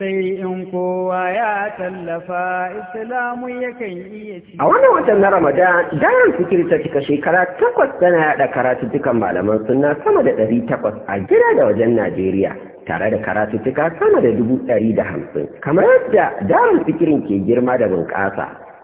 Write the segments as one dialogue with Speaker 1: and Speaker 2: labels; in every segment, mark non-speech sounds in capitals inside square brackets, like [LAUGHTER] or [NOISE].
Speaker 1: sai in kowa ya tallafa islamu yakan iya ci.
Speaker 2: A wannan watan na Ramadan, Daren Fikir ta cika shekara takwas tana yaɗa karatuttukan malaman suna sama da ɗari takwas a gida da wajen Najeriya. tare da karatuttuka sama da dubu ɗari da hamsin kamar yadda darin fikirin ke girma da bunƙasa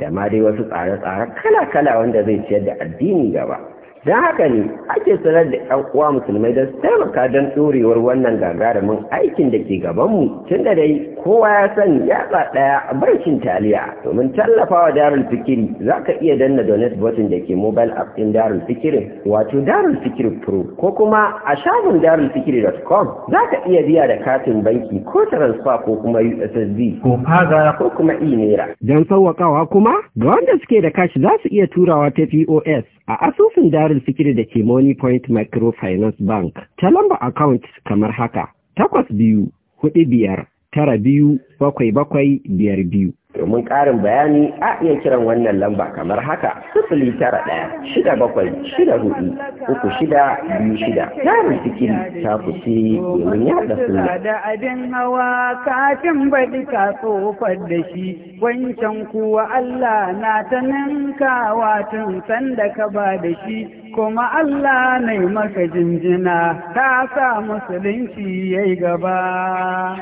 Speaker 2: da ma dai wasu tsare-tsare kala-kala wanda zai ciyar da addini gaba don haka ne ake sanar da yan uwa musulmai don su taimaka don ɗorewar wannan gagarumin aikin da ke gabanmu tun da dai kowa ya san yatsa ɗaya a barcin taliya domin tallafa wa darul fikiri za ka iya danna donate button da ke mobile app ɗin darul fikirin wato darul fikiri pro ko kuma a shagon fikiri.com za ka iya biya da katin banki ko transfer ko kuma ussd ko faga ko kuma e-naira don sauwaƙawa kuma ga wanda suke da kashi za su iya turawa ta pos a asusun darul tsarin sikiri da ke Money Point Microfinance Bank ta lamba account kamar haka takwas biyu hudu biyar tara biyu bakwai bakwai biyar biyu. domin ƙarin bayani a iya kiran wannan lamba kamar haka sifili tara ɗaya shida bakwai shida hudu uku shida biyu shida yaron sikiri ta fusi domin ya da suna. da abin hawa kafin baɗi ka tsofar da shi wancan kuwa Allah na ta ninkawa tun sanda ka ba da shi kuma Allah na maka jinjina ta sa musulunci ya yi gaba.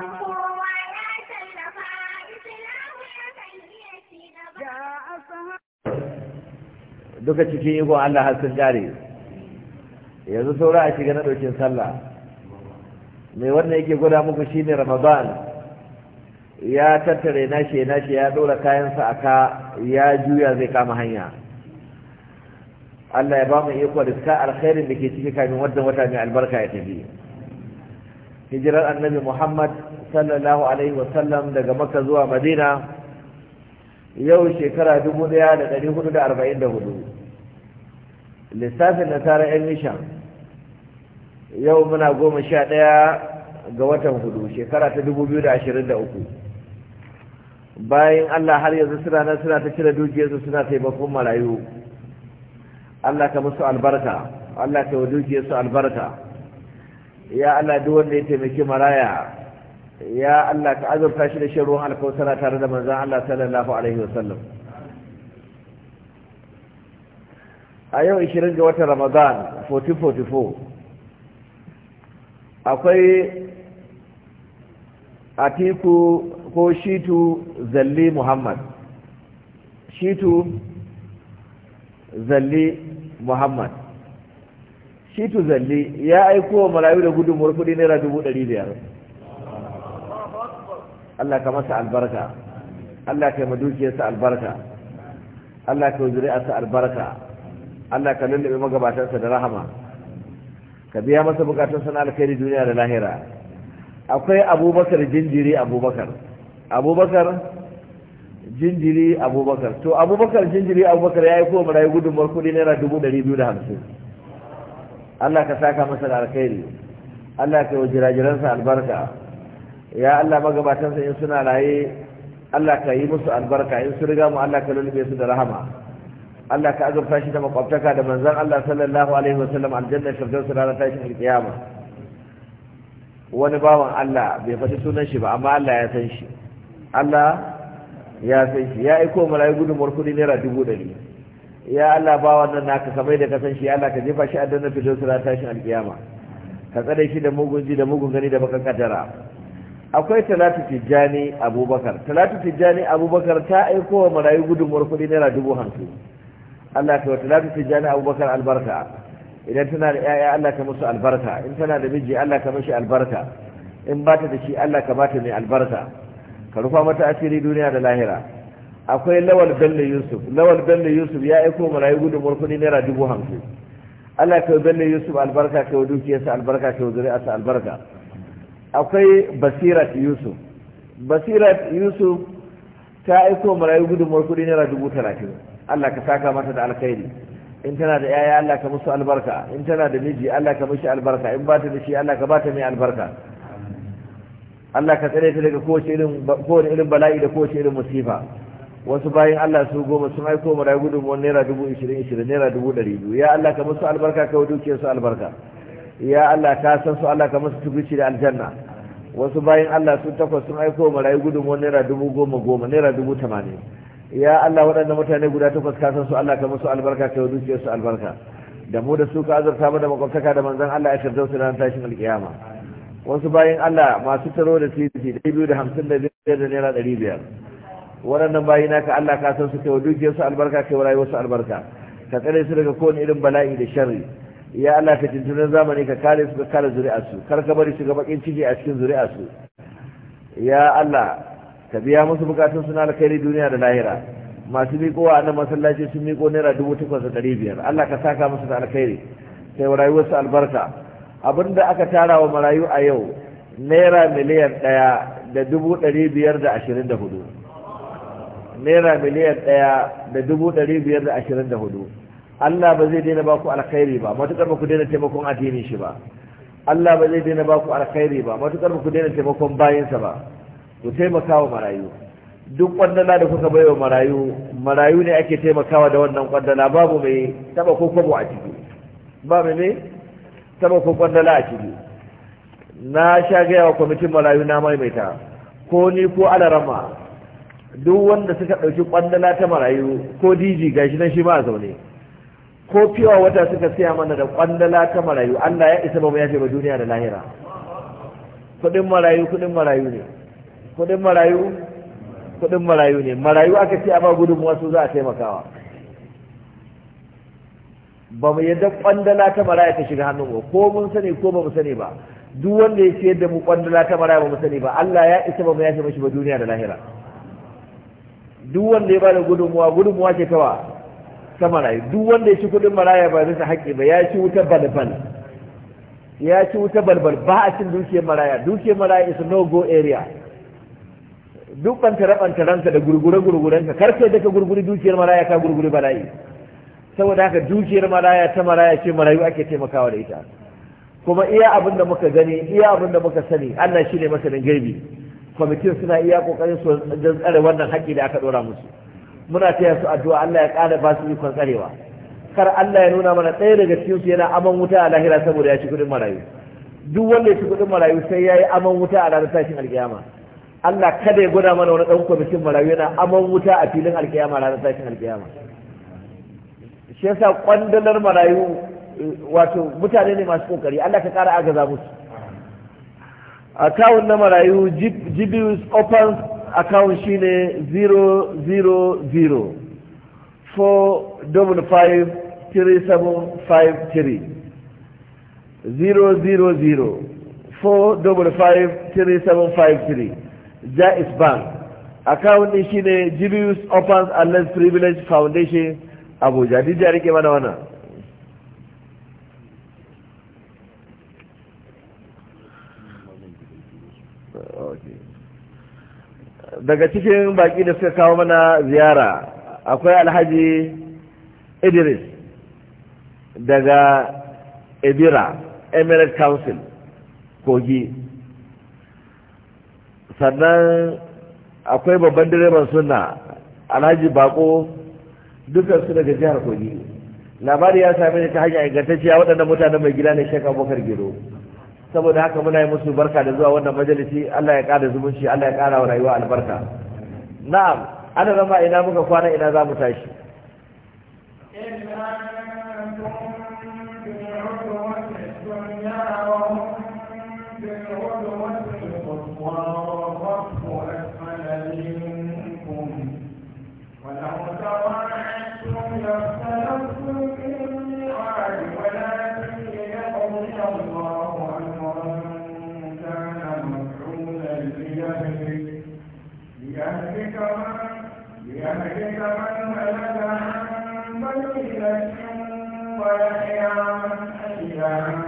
Speaker 3: duka cikin iko Allah har sun yanzu saura a shiga na ɗaukin sallah mai wannan yake gwada muku ne ramadan ya tattare nashi nashi ya ɗora kayansa a ka ya juya zai kama hanya Allah ya ba mu iko da ka alkhairin da ke ciki kamin wannan wata mai albarka ya tafi hijirar annabi Muhammad sallallahu alaihi wasallam daga Makka zuwa Madina yau shekara 1444 lissafin nasara yan nisha yau muna goma sha ɗaya ga watan hudu shekara ta dubu biyu da ashirin da uku bayan allah har yanzu suna nan suna ta cire dukiyarsu suna taimakon marayu allah ka musu albarka allah ka wa dukiyarsu albarka ya allah duk wanda ya taimaki maraya ya allah ka azurta shi da shan ruwan alkawtara tare da manzan allah sallallahu alaihi wasallam a yau 20 ga watan ramadan 1444 akwai atiku ko shitu zalli muhammad shitu zalli muhammad shitu zalli ya aiko wa marayu da gudunmuwar kudi naira dubu ɗari biyar Allah ka masa albarka Allah ka yi madukiyarsa albarka Allah ka yi zuri'arsa albarka Allah ka lullube magabatansa da rahama ka biya masa bukatunsa na alkhairi duniya da lahira akwai abubakar jinjiri abubakar abubakar jinjiri abubakar to abubakar jinjiri abubakar ya yi kowa marayu gudunmar kudi naira dubu ɗari biyu da hamsin Allah ka saka masa da alkhairi Allah ka yi wa jirajiransa albarka ya Allah magabatansa in suna laye Allah ka yi musu albarka in su riga mu Allah ka lullube su da rahama Allah ka azurta shi ta makwabtaka da manzan. Allah sallallahu alaihi wasallam aljanna firdausi ranar tashin alkiyama wani bawan Allah bai faɗi sunan shi ba amma Allah ya san shi Allah ya san shi ya aiko malayi gudunmuwar kuɗi naira dubu ɗari ya Allah ba wannan naka kamar da ka san shi Allah ka jefa shi aljanna firdausi ranar tashin alkiyama ka tsare shi da mugun ji da mugun gani da bakan kadara akwai talatu tijjani abubakar talatu tijjani abubakar ta aiko wa marayu gudunmuwar kuɗi naira dubu hamsin Allah ka wata lafi fi jani abubakar albarka idan tana da ‘ya'ya Allah ka musu albarka in tana da miji Allah ka mashi albarka in ba ta da shi Allah ka ba ta mai albarka ka rufa mata asiri duniya da lahira akwai lawal bello yusuf lawal bello yusuf ya aiko marayu gudun murkuni naira dubu hamsin Allah ka bello yusuf albarka ka dukiyarsa albarka ka zuri'arsa albarka akwai basirat yusuf basirat yusuf ta aiko marayu gudun murkuni naira dubu talatin Allah ka saka mata da alkhairi in tana da yaya Allah ka musu albarka in tana da miji Allah ka mishi albarka in ba ta da shi Allah ka ba ta mai albarka Allah ka tsare ta daga kowace irin kowace irin bala'i da kowace irin musifa wasu bayan Allah su goma sun aiko mu rayu gudun naira dubu ishirin ishirin naira dubu ɗari biyu ya Allah ka musu albarka ka wuce su albarka ya Allah ka san su Allah ka musu tukuci da aljanna wasu bayan Allah su takwas sun aiko mu rayu gudun naira dubu goma goma naira dubu tamanin ya Allah waɗannan mutane guda takwas ka san su Allah ka musu albarka ka yi dukiyar su albarka da mu da su ka azurta mu da makwabtaka da manzon Allah ya su ran tashin alkiyama wasu bayan Allah masu taro da titi da biyu da hamsin da biyar da naira ɗari biyar waɗannan bayi ka Allah ka san su kai wa dukiyar su albarka kai wa rayuwar su albarka ka tsare su daga kowane irin bala'i da sharri ya Allah ka tuntunan zamani ka kare su ka kare su, kar ka bari su ga bakin ciki a cikin su. ya Allah ka biya musu bukatun suna alkhairi duniya da lahira masu miko a nan masallaci sun miƙo naira dubu takwas da ɗari biyar allah ka saka musu da alkhairi sai rayuwarsu albarka abin da aka tara wa marayu a yau naira miliyan ɗaya da dubu ɗari biyar da ashirin da hudu naira miliyan ɗaya da dubu ɗari biyar da ashirin da hudu allah ba zai daina baku alkhairi ba matuƙar ba ku daina taimakon addinin shi ba allah ba zai daina baku alkhairi ba matuƙar ba ku daina taimakon bayansa ba ku taimakawa wa marayu duk kwandala da kuka baiwa marayu marayu ne ake taimakawa da wannan kwandala babu mai taba ko kwabo a ciki ba mai taba ko kwandala a ciki na sha gaya wa kwamitin marayu na maimaita ko ni ko alarama duk wanda suka ɗauki kwandala ta marayu ko diji gashi nan shi ma a zaune ko fiwa wata suka siya mana da kwandala ta marayu allah ya isa ba mu yafe ba duniya da lahira kuɗin marayu kuɗin marayu ne kudin marayu kudin marayu ne marayu aka ce a ba gudun su za a taimakawa ba mu yadda kwandala ta maraya ta shiga hannun ba ko mun sani ko ba mu sani ba duk wanda ya ce yadda mu kwandala ta maraya ba mu sani ba Allah ya isa ba mu yafe mashi ba duniya da lahira duk wanda ya bada gudunmuwa gudunmuwa ce kawa ta marayu duk wanda ya ci kudin maraya ba zai haƙƙi ba ya ci wuta balbal ya ci wuta balbal ba a cin dukiyar maraya dukiyar maraya is no go area duk rabanta ranta da gurgure-gurgurenka karfe da ka gurguri dukiyar maraya ka gurguri balayi saboda haka dukiyar maraya ta maraya ce marayu ake taimakawa da ita kuma iya abin da muka gani iya abin da muka sani allah shi ne masanin girbi, kwamitin suna iya kokarin su don tsare wannan haƙƙi da aka ɗora musu muna taya su addu'a allah ya ƙara ba su ikon tsarewa kar allah ya nuna mana ɗaya daga cikin su yana aman wuta a lahira saboda ya ci kuɗin marayu duk wanda ya ci kuɗin marayu sai ya yi aman wuta a ranar tashin alƙiyama Allah kada ya gwada mana wani ɗan kwamitin marayu yana aman wuta a filin alkiyama ranar sashen alkiyama shi yasa kwandalar marayu wato mutane ne masu kokari Allah ka kara agaza musu akawun na marayu jibius open akawun shine 000 455 000 455 3753 jais bank account din shine Julius Opens and Less Privilege Foundation Abuja duk ya rike mana wannan daga cikin baki da suka kawo mana ziyara akwai alhaji idris daga ebira emirate council kogi sannan akwai babban direban suna alhaji bako su daga jihar kogi labari ya same ta hanyar ingantacciya waɗanda mutanen mai gida ne shek abokar gero saboda haka muna yi musu barka da zuwa wannan majalisi allah ya ƙara zumunci allah ya ƙara wa rayuwa albarka na'am ana zama ina muka kwana ina za mu tashi
Speaker 1: وهم والرب أسفل منكم ولو تواعدتم لاختلفتم في الميعاد ولكن ليقضي الله أمرا كان مفعولا ليهلك من
Speaker 4: ليهلك عن
Speaker 1: بينة ويحيى من حيا عن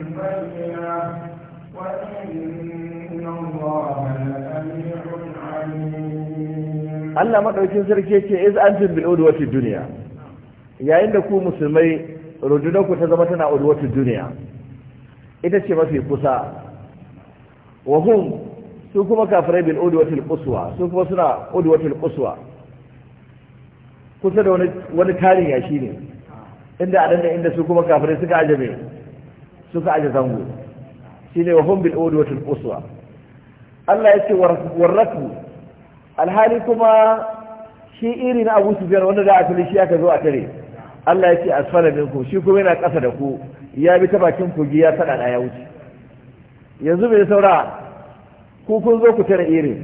Speaker 1: بينة
Speaker 3: Allah madaukin sarki ce iz antum bil udwati dunya yayin da ku musulmai rundunar ku ta zama tana udwati dunya ita ce mafi kusa wa hum su kuma kafirai bil udwati al quswa su kuma suna udwati al quswa kusa da wani wani tarin ya shine inda a dan inda su kuma kafirai suka ajabe suka aje zango shine wa hum bil udwati al quswa Allah ya ce warraku alhali kuma shi irin abu biyar wanda a fili shi aka zo a tare Allah ya ce asfala minku shi kuma yana ƙasa da ku ya bi ta bakin kogi ya sada ya wuce yanzu mai saura ku kun zo ku tare irin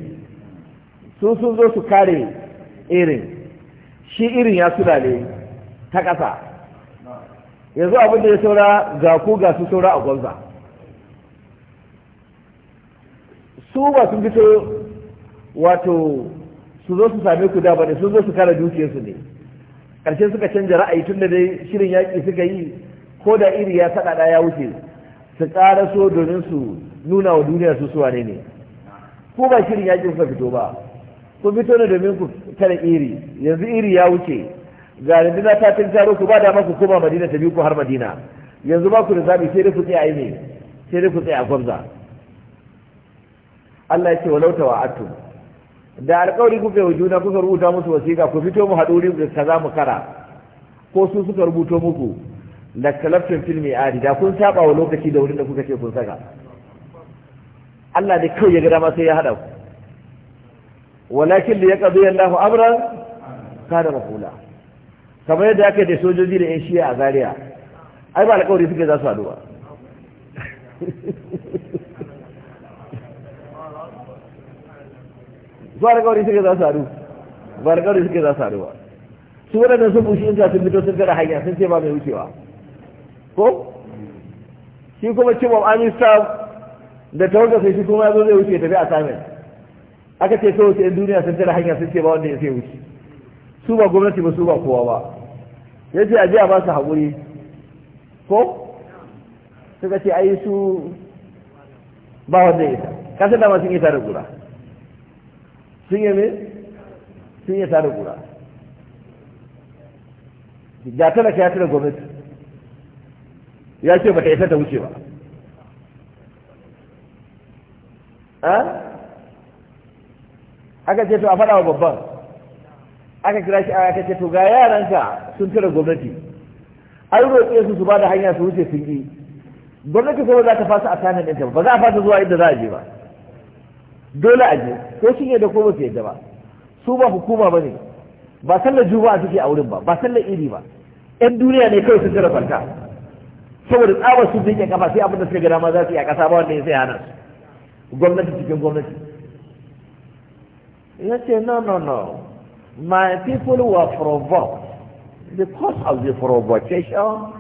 Speaker 3: su sun zo su kare irin shi irin ya sulale ta ƙasa yanzu abin da ya saura ga ku ga su saura a gwamza su ba sun fito wato su zo su same ku da ba ne sun zo su kare dukiyarsu ne ƙarshe suka canja ra'ayi tun da dai shirin yaƙi suka yi ko da iri ya saɗaɗa ya wuce su ƙara so domin su nuna wa duniya su suwa ne ne ko ba shirin yaƙin kuka fito ba ku fito ne domin ku kare iri yanzu iri ya wuce ga rundunar ta tun taro ku ba dama ku koma madina ta biyu ku har madina yanzu ba ku da zaɓi sai dai ku tsaya ne sai dai ku tsaya a gwamza Allah ya ce wa tawa'attum da alƙawari kuka yi juna kuka rubuta musu wasiƙa ku fito mu haɗu da kaza mu kara ko su suka rubuto muku da kalaftin filmi adi da kun saba wa lokaci da wurin da kuka ce kun saka Allah ne kawai ya gada ma sai ya haɗa ku walakin da ya ƙazo yallahu amran kada mafula kamar yadda aka da sojoji da 'yan shiya a zaria ai ba alƙawari suke za su haɗu ba [LAUGHS] zuwa da kawai suke za su haru ba da kawai suke za su haru ba su waɗannan sun fushi inda sun fito sun gara hanya sun ce ba mai wucewa ko shi kuma cimam amin sa da tawaga sai shi kuma ya zo zai wuce tafi a samin aka ce kawai sai duniya sun tara hanya sun ce ba wanda ya sai wuce su ba gwamnati ba su ba kowa ba ya ce a ji a ba su haƙuri ko suka ce ai su ba wanda ya isa kasar da masu isa da gura sun yi me sun yi tare kura ga ka ya tura gwamnati ya ce ba ta isa ta wuce ba aka ce to a faɗa wa babban aka kira shi aka ce to ga yaranka sun tura gwamnati an roƙe su su ba da hanya su wuce sun yi gwamnati kuma za ta fasa a sanin ɗinta ba za a fasa zuwa inda za a je ba dole a je ko sun da ko ba su yadda ba su ba hukuma ba ne ba sallar juma'a suke a wurin ba ba sallar iri ba yan duniya ne kawai sun tara farka saboda tsabar sun dinke kafa sai abin da suka gada ma za su yi a kasa ba wanda ya sai hana su gwamnati cikin gwamnati ya ce no no no my people were provoked because of the provocation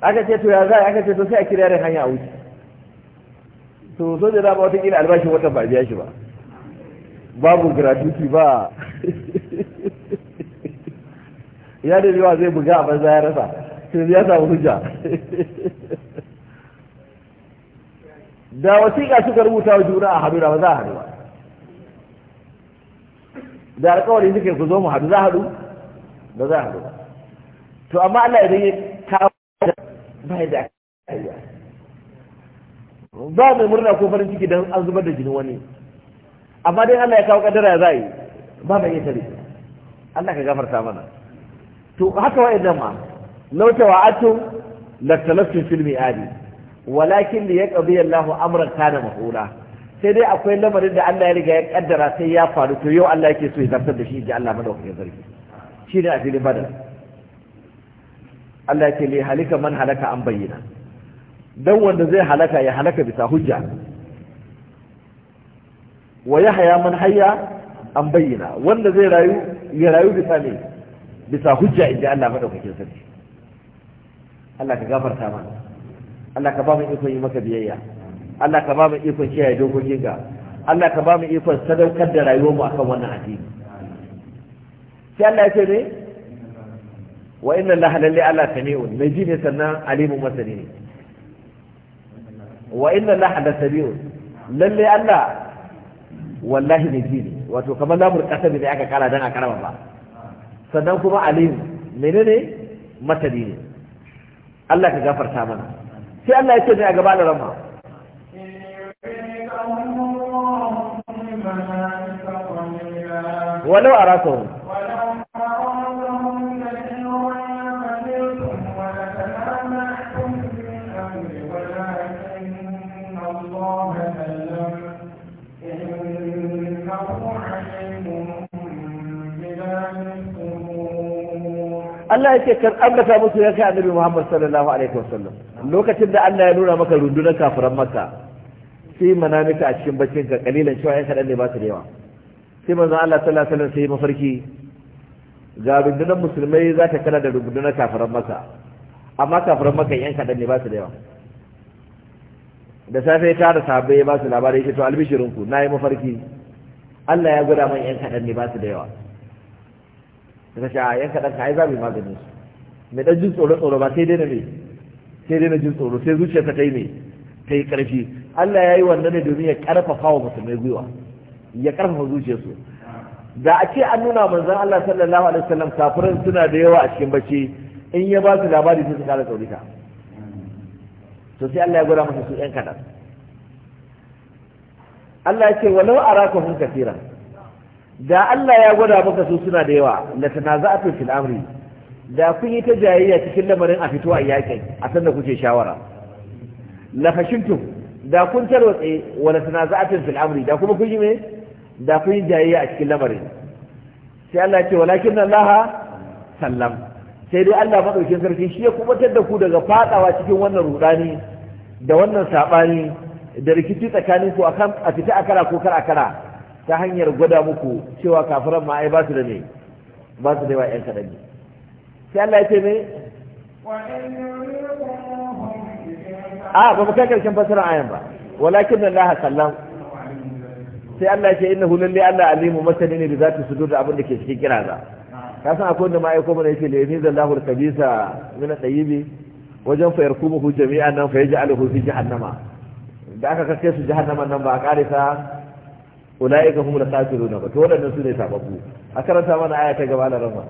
Speaker 3: aka ce to ya za aka ce to sai a kira da hanya a wuce to so da ba wata kila albashin wata ba biya shi ba babu gratuity ba [LAUGHS] ya da yawa zai buga a banza ya rasa to ya samu hujja [LAUGHS] da wasiƙa suka rubuta wa juna a haɗu da ba za a haɗu ba da alƙawarin suke ku zo mu haɗu za a haɗu ba za a haɗu ba to amma Allah idan ya ba da aiwa ba mai murna ko farin ciki don an zubar da jinin wani amma dai Allah ya kawo kadara ya zai ba mai tare Allah ka gafarta mana to haka wa idan ma law tawa'atu latalaftu fil mi'adi walakin li yaqdi Allahu amran kana mahula sai dai akwai lamarin da Allah ya riga ya kaddara sai ya faru to yau Allah yake so ya zartar da shi ji Allah madaukakin sarki shi ne a filin badar Allah ce le halika man halaka an bayyana dan wanda zai halaka ya halaka bisa hujja wa haya man haya an bayyana wanda zai rayu ya rayu bisa ne bisa hujja inda Allah maɗaukakin sarki Allah ka gafarta mana Allah ka ba mu ikon yi maka biyayya Allah ka ba mu ikon kiyaye dokokin ka Allah ka ba mu ikon sadaukar da rayuwar mu akan wannan addini sai Allah ya ce ne wa inna la lalle Allah sami'un mai ji ne sannan alimun masani ne wa inna la halalle sami'un lalle Allah wallahi mai ji ne wato kamar lamur kasa ne aka kara dan a karama ba sannan kuma alim menene masani ne Allah ka gafarta mana sai Allah ya ce ne a gaba da rama
Speaker 1: ولو أراكم Allah yake kan ambata
Speaker 3: musu ya kai annabi Muhammad sallallahu alaihi wasallam lokacin da Allah ya nuna maka rundunar kafiran Makka sai manamika a cikin baccin ka kalilan cewa ya kadan ne ba su da yawa sai manzon Allah sallallahu alaihi wasallam sai mafarki ga rundunar musulmai za ta kana da rundunar kafiran Makka amma kafiran Makka yan kadan ne ba su da yawa da safe ta da sahabbai ba su labarai shi to albishirinku nayi mafarki Allah ya gura man yan kadan ne ba su da yawa suka sha a yanka ɗanka yi za mu yi maganin su mai ɗan jin tsoro tsoro ba sai dai na mai sai dai na jin tsoro sai zuciyarsa ta yi mai ta yi ƙarfi Allah ya yi wannan ne domin ya ƙarfafa wa musulmai gwiwa ya ƙarfafa zuciyarsu da a ce an nuna manzon Allah sallallahu alaihi wasallam kafirin suna da yawa a cikin bacci in ya ba su labari sai su kara tsaurita to sai Allah ya gwada masa su ƴan kaɗan Allah ya ce walau arakahum kaseeran da Allah ya gwada maka su suna da yawa la tanaza'atu fil amri da kun yi ta jayayya cikin lamarin a fito a yakin a sanda kuke shawara la fashiltum da kun tarwatse wa la tanaza'atu fil amri da kuma kun yi me da kun yi jayayya a cikin lamarin sai Allah ya ce walakin Allah sallam sai dai Allah madaukin sarki shi ya kuma da ku daga fadawa cikin wannan rudani da wannan sabani da rikici tsakanin akan a fita a kara ko kar a kara ta hanyar gwada muku cewa kafiran ma ai ba su da ne ba su da yawa yan kaɗan ne sai Allah ya ce ne
Speaker 1: a ba mu kai karshen fasirar
Speaker 3: ayan ba walakin Allah sallam sai Allah ya ce innahu lillahi Allah alimu masani ne bi zati sudur da abin da ke cikin kiraza ka san akwai da ma aiko mana yake ne zallahu al-kabisa min at-tayyibi wajen fa yarkumuhu jami'an nan fa yaj'aluhu fi jahannama da aka kaske su jahannama nan ba a karisa ulaika humul kafirun ba to wadannan su ne sababbu a karanta mana aya ta gaba da rama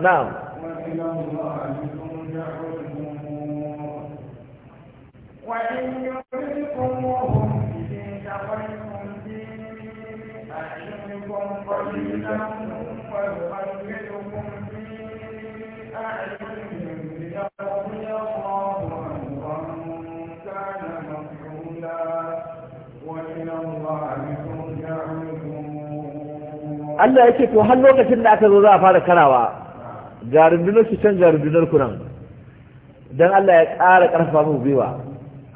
Speaker 1: نعم وإن Allah ya ce to har lokacin da aka zo za a fara karawa
Speaker 3: ga rundunar su can ga rundunar ku nan dan Allah ya ƙara ƙarfafa muku gwiwa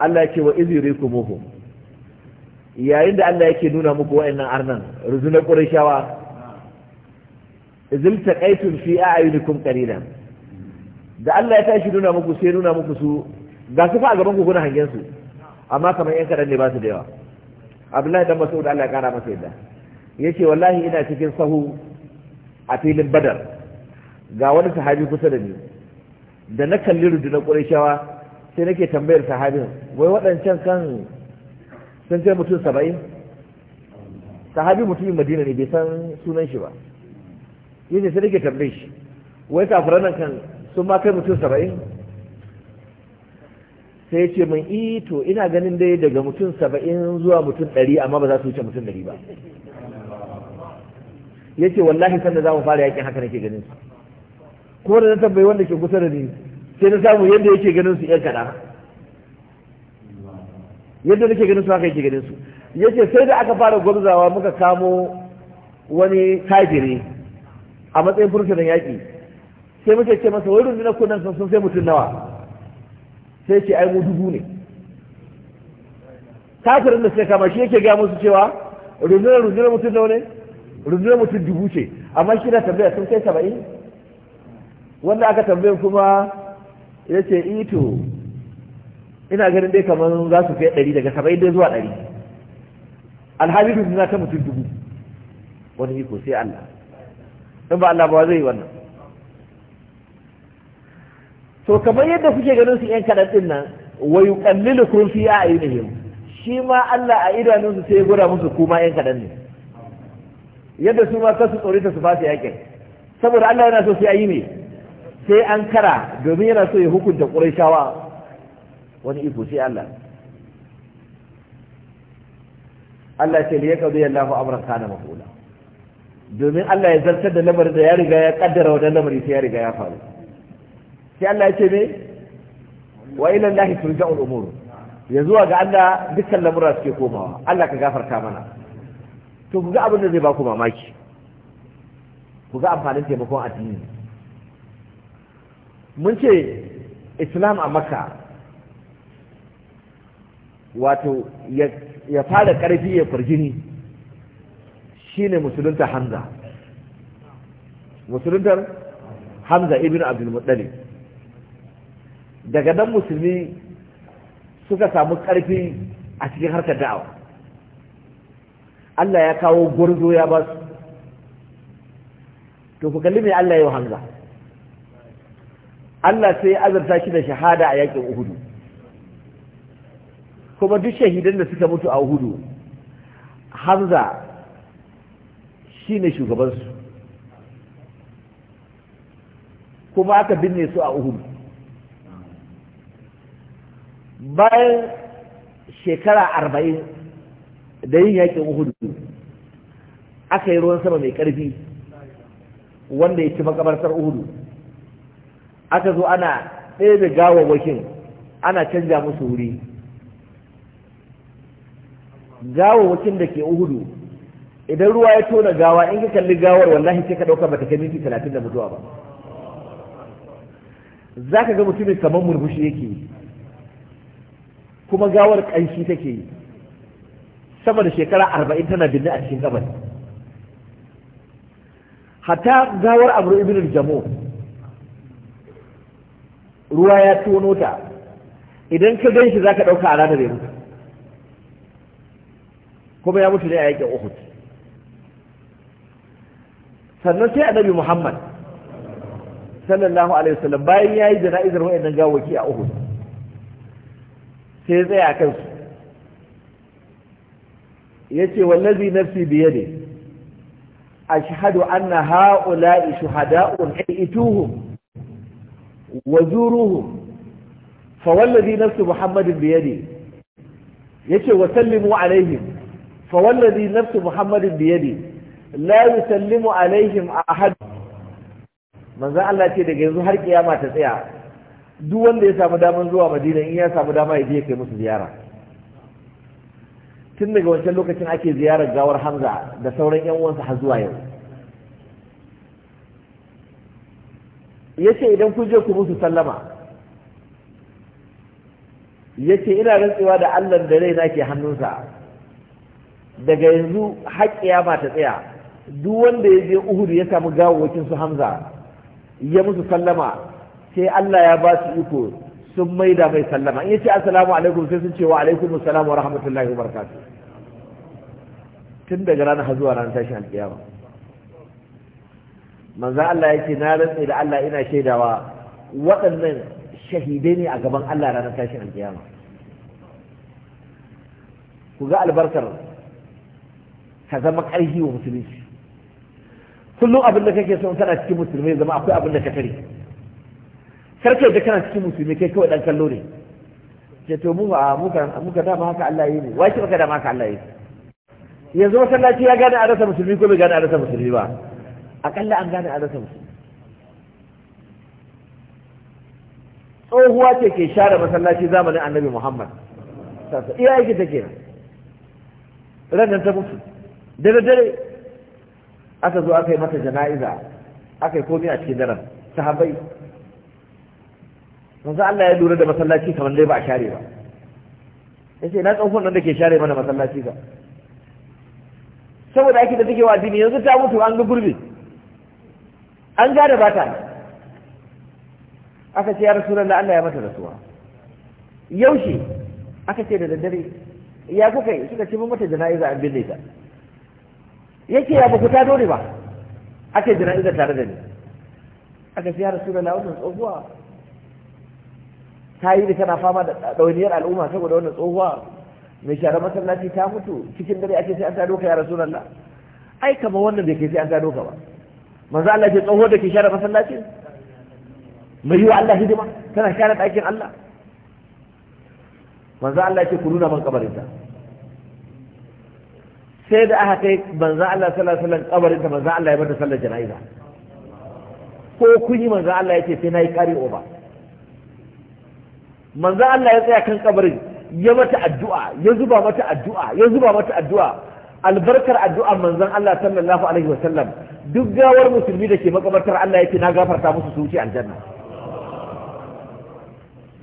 Speaker 3: Allah ya ce wa izire ku muku yayin da Allah yake nuna muku wa'annan arnan rundunar ƙurashawa izil taqaytum fi a'yunikum qalilan da Allah ya tashi nuna muku sai nuna muku su ga su fa a gaban ku kuna hangen su amma kamar yan kadan ne ba su da yawa Abdullahi dan Mas'ud Allah ya kara masa yadda ya ce wallahi ina cikin sahu a filin badar ga wani sahabi kusa da ni da na kalli rundunar ƙurashawa sai nake tambayar sahabin wai waɗancan kan sun kai mutum saba'in sahabi mutumin madina ne bai san sunan shi ba yace sai nake tambaye shi wai kafiran nan kan sun ma kai mutum saba'in sai ya ce min ito e, to ina ganin dai daga mutum saba'in zuwa mutum ɗari amma ba za su wuce mutum ɗari ba yace wallahi sanda za mu fara yakin haka nake ganin su ko da na tambayi wanda ke kusa da ni sai na samu yadda yake ganin su ɗan kaɗa yadda nake ganin su haka yake ganin su yace sai da aka fara gwamzawa muka kamo wani kafiri a matsayin fursunan yaƙi sai muke ce masa wai rundunar kunan sun sun sai mutum nawa sai ce ai mu dubu ne kafirin da suka kama shi yake gaya musu cewa rundunar rundunar mutum nawa ne rundunar mutum dubu ce amma shi na tambaya sun kai saba'in wanda aka tambayin kuma ya ce ito eh ina ganin dai kamar za su kai ɗari daga saba'in dai zuwa ɗari alhali runduna ta mutum dubu wani iko sai Allah in ba Allah ba zai yi wannan to kamar yadda kuke ganin su 'yan kaɗan ɗin nan wa yuqallilukum a a'yunihim shi ma Allah a idanunsu sai ya gura musu kuma 'yan kaɗan ne yadda su ma kasu su ta su fasa yakin saboda Allah yana so sai yi ne sai an kara domin yana so ya hukunta ƙurayshawa wani iko sai Allah Allah ce ya kadu ya lafi amuran kana mafula domin Allah ya zartar da lamarin da ya riga ya kaddara wa lamarin sai ya riga ya faru sai Allah ya ce me wa ila Allah turja'ul umur ya zuwa ga Allah dukkan lamura suke komawa Allah ka gafarta mana to ku ga abin da zai ba ku mamaki ku ga amfanin taimakon addini mun ce islam a makka wato ya fara ƙarfi ya shi ne musulunta hamza musuluntar hamza ibn abdulmuttalib daga nan musulmi suka samu ƙarfi a cikin harkar da'awa Allah ya kawo gurzo ya ba su to ku kalli me Allah ya hamza Allah sai ya azurta shi da shahada a yakin Uhudu kuma duk shahidan da suka mutu a Uhudu Hamza shine shugabansu kuma aka binne su a Uhudu bayan shekara arba'in da yin yakin Uhudu, aka yi ruwan sama mai karfi wanda ya ci makabartar Uhudu. aka zo ana ɗaya da wakin, ana canja musu wuri wakin da ke Uhudu, idan ruwa ya tona gawa in ka kalli gawar wallahi sai ka ɗauka ba ta kai minti talatin da mutuwa ba za ka ga mutumin kamar murmushi yake kuma gawar ƙanshi take yi sama da shekara arba'in tana binne a cikin kabari hatta gawar amru ibn jamo ruwa ya tono ta idan ka gan shi za ka ɗauka a ranar ya kuma ya mutu ne a yakin uhud sannan sai annabi muhammad sallallahu alaihi wasallam bayan ya yi jana'izar wa'annan gawaki a uhud sai ya tsaya a kansu yace wallazi nafsi biyade ashhadu anna haula'i shuhada'un fa wazuruhum fawallazi nafsi muhammadin biyade yace wa sallimu alaihim fawallazi nafsi muhammadin biyade la yusallimu alaihim ahad manzo Allah ce daga yanzu har kiyama ta tsaya duk wanda ya samu daman zuwa Madina in ya samu dama ya je kai musu ziyara tun daga wancan lokacin ake ziyarar gawar hamza da sauran yan uwansa har zuwa yau yace idan ku je ku musu sallama yace ina rantsewa da Allah da raina ke hannunsa daga yanzu haƙƙiya ba ta tsaya duk wanda ya je Uhud ya samu gawawakin su Hamza ya musu sallama sai Allah ya ba su iko sun maida mai sallama in yace assalamu alaikum sai sun ce wa alaikum assalam wa rahmatullahi wa barakatuh tun daga ranar har zuwa ranar tashin alkiyama manzo Allah yake na rantsa da Allah ina shaidawa waɗannan shahidai ne a gaban Allah ranar tashin alkiyama ku ga albarkar ka zama ƙarfi wa musulunci kullum abin da kake so tana cikin musulmai zama akwai abin da ka tare karka da kana cikin musulmi kai kawai dan kallo ne ce to mu a muka muka ma haka Allah yi ne wai ce baka ma haka Allah yi yanzu masallaci ya gane a rasa musulmi ko bai gane a rasa musulmi ba akalla an gane a rasa musulmi tsohuwa ce ke share masallaci zamanin annabi Muhammad sassa iya yake take nan ranar ta mutu dare dare aka zo aka yi mata jana'iza aka yi komai a cikin daren sahabbai manzo Allah ya lura da masallaci kamar dai ba a share ba yace na tsohon nan da ke share mana masallaci ba saboda ake da take wa addini yanzu ta mutu an ga gurbi an gada ba ta aka ce ya rasulullah Allah ya mata rasuwa yaushe aka ce da daddare ya kuka yi suka ce mun mata jana'iza an binne ta yake ya baku ta dole ba ake jana'iza tare da ni
Speaker 2: aka ce ya rasulullah wannan tsohuwa
Speaker 3: ta yi da tana fama da ɗauniyar al'umma saboda wannan tsohuwa mai share masallaci ta mutu cikin dare ake sai an ta doka ya rasulallah ai kamar wannan da ke sai an ta doka ba manzo Allah ce tsoho da ke share masallacin mai yi wa Allah hidima tana share ɗakin Allah manzo Allah ce ku nuna man kabarinta sai da aka kai manzo Allah sallallahu alaihi wasallam kabarinta manzo Allah ya bada sallar jana'iza ko kun yi manzo Allah ya ce sai nayi kari oba manzo Allah ya tsaya kan kabarin ya mata addu'a ya zuba mata addu'a ya zuba mata addu'a albarkar addu'a manzon Allah sallallahu alaihi wa sallam duk gawar musulmi da ke makabartar Allah yake na gafarta musu su wuce aljanna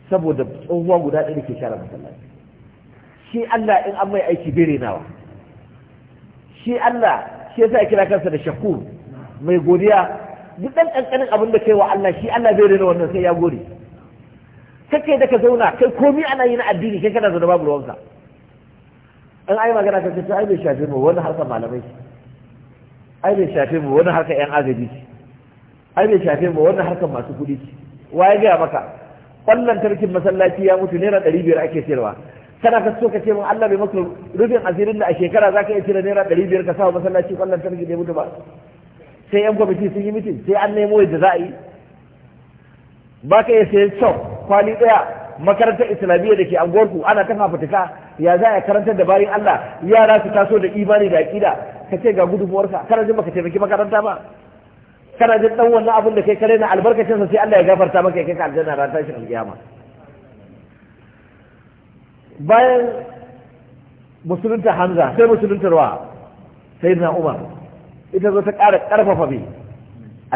Speaker 3: saboda tsohuwa guda ɗaya da ke share masallaci shi Allah in an mai aiki bai nawa shi Allah shi yasa kira kansa da shakur mai godiya duk ɗan ƙanƙanin abin da kai wa Allah shi Allah bai rena wannan sai ya gode kake da ka zauna kai komi ana yi na addini kai kana zaune babu ruwanka in ai magana ka ce ai bai shafe mu wani harkar malamai ai bai shafe mu wani harkar yan agaji ai bai shafe mu wani harkar masu kuɗi wa ya gaya maka ƙwallon tarkin masallaci ya mutu naira ɗari biyar ake sayarwa kana ka so ka ce mun Allah bai maka rubin asirin da a shekara za ka iya cire naira ɗari biyar ka sa masallaci kwallon tarkin da mutu ba sai yan kwamiti sun yi mitin sai an nemo yadda za a yi ba ka iya sayan shop. kwali daya makarantar islamiyya da ke anguwarku ana kafa fafutuka ya za a karantar da bayan Allah yara su taso da imani da aqida ka ce ga gudunmuwarka kana jin baka taimaki makaranta ba kana jin dan wannan abin da kai kare na albarkacin sa sai Allah ya gafarta maka ya kai ka aljanna ran tashin alkiyama bayan musulunta Hamza sai Ruwa sai na Umar ita zo ta ƙara ƙarfafa bi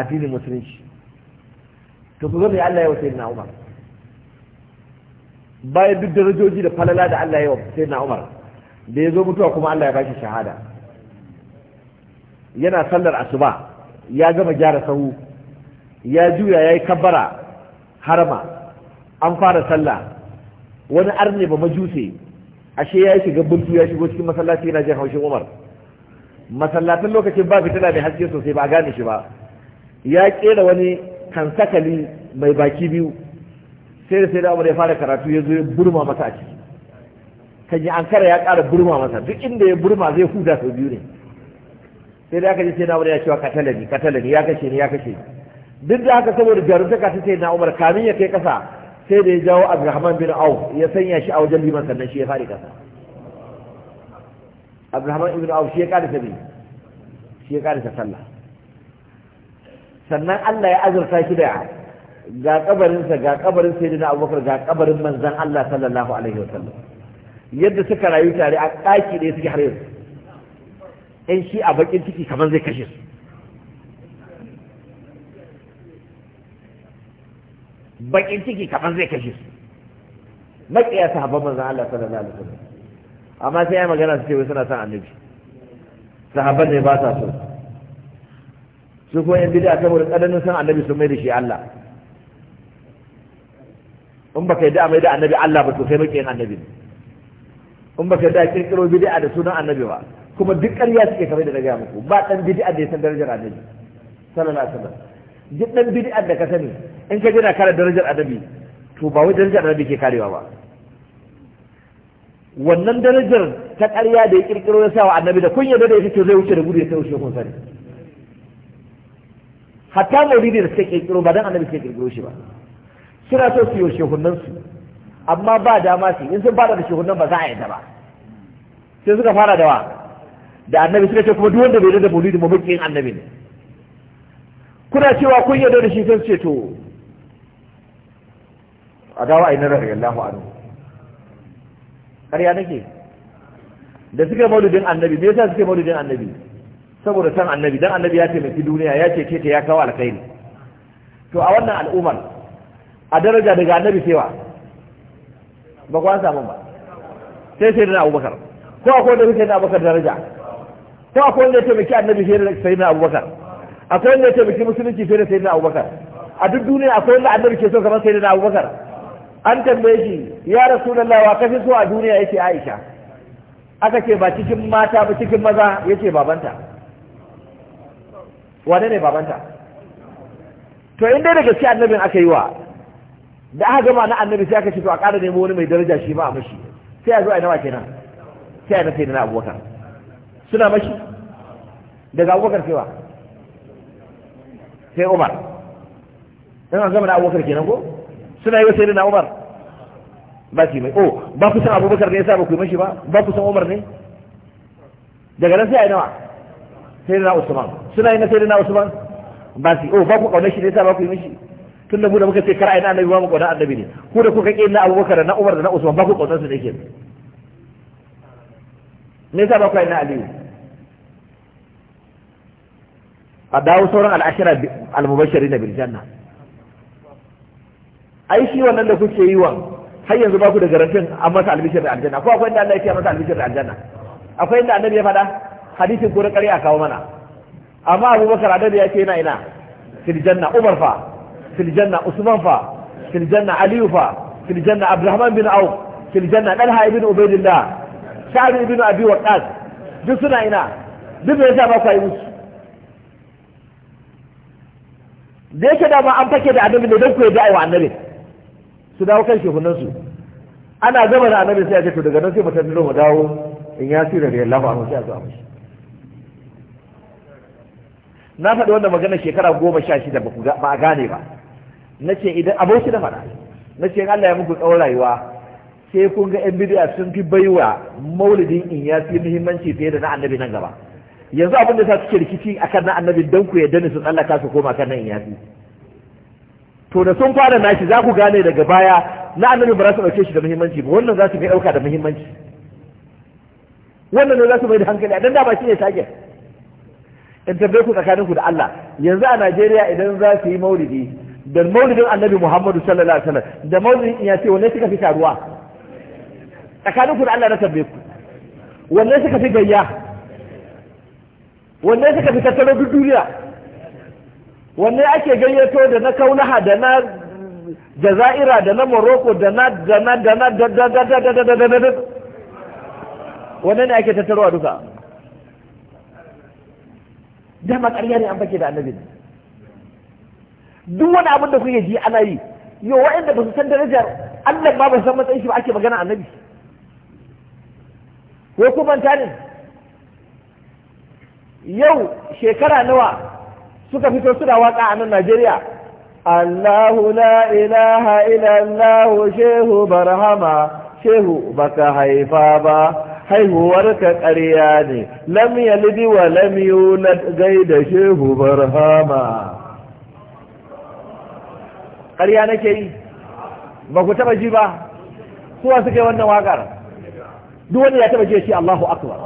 Speaker 3: addinin musulunci to ku zo mai Allah ya wa na Umar bayan duk darajoji da falala da Allah ya wa na Umar da ya zo mutuwa kuma Allah ya bashi shahada yana sallar asuba ya gama gyara sahu ya juya ya yi kabbara harama an fara sallah wani arne ba majuse ashe ya shiga bultu ya shigo cikin masallaci yana jin haushin Umar masallatan lokacin ba fitila da haske sosai ba gane shi ba ya kera wani kansakali mai baki biyu sai da sai da ya fara karatu ya zo ya burma masa a ciki kan yi ankara ya ƙara burma masa duk inda ya burma zai huda sau biyu ne sai da aka ji sai da umar ya cewa katalani katalani ya kashe ni ya kashe ni duk da haka saboda jarumtaka ta sai na umar kamin ya kai kasa sai da ya jawo abdulrahman bin auf ya sanya shi a wajen liman sannan shi ya fari kasa abdulrahman bin auf shi ya ƙarisa sabi shi ya ƙarisa sallah sannan allah ya azurta shi da ga kabarinsa ga kabarin sayyidina abubakar ga kabarin manzon Allah sallallahu alaihi wasallam yadda suka rayu tare a ɗaki ɗaya suke har yanzu in shi a bakin ciki kamar zai kashe su bakin ciki kamar zai kashe su maƙiya sahabban manzon Allah sallallahu alaihi wasallam amma sai ya magana su ce wai suna son annabi sahabban ne ba sa so su kuma yan bid'a saboda tsananin san annabi sun mai da shi Allah in yi da'a mai da annabi Allah ba to kai yin annabi in da'a yadda kiro bid'a da sunan annabi ba kuma duk ƙarya suke kamar da na gaya muku ba dan bid'a da ya san darajar annabi sallallahu alaihi wasallam duk dan bid'a da ka sani in ka jira kare darajar annabi to ba wai darajar annabi ke karewa ba wannan darajar ta ƙarya da ya kirkiro ya sawa annabi da kun yarda da ita ce zai wuce da gudu ya kai wuce kun sani hatta maulidi da suka kirkiro ba dan annabi suka kirkiro shi ba suna so su yi shehunansu amma ba dama su in sun fara da shehunan ba za a yadda ba sai suka fara da wa da annabi suka ce kuma duk wanda bai yarda da maulidi mu annabi ne kuna cewa kun yarda da shi sai ce to a dawo a yi na radiyallahu anhu ƙarya nake da suka maulidin annabi me yasa yi maulidin annabi saboda san annabi dan annabi ya taimaki duniya ya ce ta ya kawo alkhairi to a wannan al'ummar a daraja daga annabi cewa ba ku samun ba sai sai na abubakar ko akwai wanda sai na abubakar daraja ko akwai wanda ya taimaki annabi sai da sai na abubakar akwai wanda ya taimaki musulunci sai da sai na abubakar a duk duniya akwai wanda annabi ke so kamar sai na abubakar an tambaye shi ya rasulullahi wa kafi so a duniya yace aisha aka ce ba cikin mata ba cikin maza yace babanta wane ne babanta to in dai da gaske annabin aka yi wa da aka gama na annabi sai aka ce to a ƙara nemo wani mai daraja shi ba a mashi sai a zo a nawa kenan sai a na sai na abubakar suna mashi daga abubakar cewa sai umar in an gama na abubakar kenan ko suna yi wa sai na umar ba su mai o oh, ba ku san abubakar ne yasa ba ku yi mashi ba ba ku san umar ne daga nan sai a yi nawa sai na usman suna yi na sai na usman ba ki o oh, ba ku kaunar shi ne yasa ba ku yi mashi tun da mu da muka ce kar a annabi ba mu kauna annabi ne ku da kuka ƙi na abubakar da na umar da na usman ba ku kauna su da ke me yasa ba ku yi na aliyu a dawo sauran al'ashira al mubashirin na janna ai shi wannan da kuke yi wa har yanzu ba ku da garantin an masa albishir da aljanna ko akwai inda Allah ya ce masa albishir da aljanna akwai inda annabi ya faɗa hadisin ko na ƙarya a kawo mana amma abubakar annabi ya ce yana ina fil janna umar fa fil janna usman fa fil janna aliyu fa fil janna abdurrahman bin auf fil janna dalha ibn ubaidillah sa'id ibn abi waqas duk suna ina duk me yasa ba ku yi musu da yake da dama an take da annabi ne don ku yadda wa annabi su dawo kan shehunan su ana gama da annabi sai ya ce to daga nan sai mutane mu dawo in ya sirra da yallahu anhu sai a zo a mashi na faɗi wannan magana shekara goma sha shida ba a gane ba na ce idan aboki da faɗa na ce Allah ya muku tsawon rayuwa sai kun ga 'yan bidiya sun fi baiwa maulidin in ya fi muhimmanci fiye da na annabi nan gaba yanzu abin da sa suke rikici akan na annabi don ku yadda ne su tsallaka su koma kan nan in ya fi to da sun fara nashi za ku gane daga baya na annabi ba za su ɗauke shi da muhimmanci ba wannan za su fi ɗauka da muhimmanci wannan ne za su mai da hankali a dan da ba shi ne sake in tabbai ku tsakaninku da Allah yanzu a Najeriya idan za su yi maulidi da maulidin annabi muhammadu sallallahu alaihi wasallam da maulidin ya ce wanne suka fi taruwa tsakanin ku da Allah na tabbe ku wanne suka fi gayya wanne suka fi tattaro duk duniya wanne ake gayyato da na kaunaha da na jazaira da na morocco da na da na da na da da da da da da da da da wanne ne ake tattarowa duka da ƙarya ne an bake da annabi ne duk wani abin da kuke ji ana yi yau wa'anda ba su san darajar Allah ba ba san matsayin shi ba ake magana annabi ko kuma ne yau shekara nawa suka fito suna waka a nan Najeriya Allahu la ilaha Allah shehu barhama shehu baka haifa ba ka ƙarya ne lam yalidi wa lam yulad gaida shehu barhama ƙarya nake yi ba ku taba ji ba suwa suka yi wannan waƙar duk wanda ya taba ji shi Allahu akbar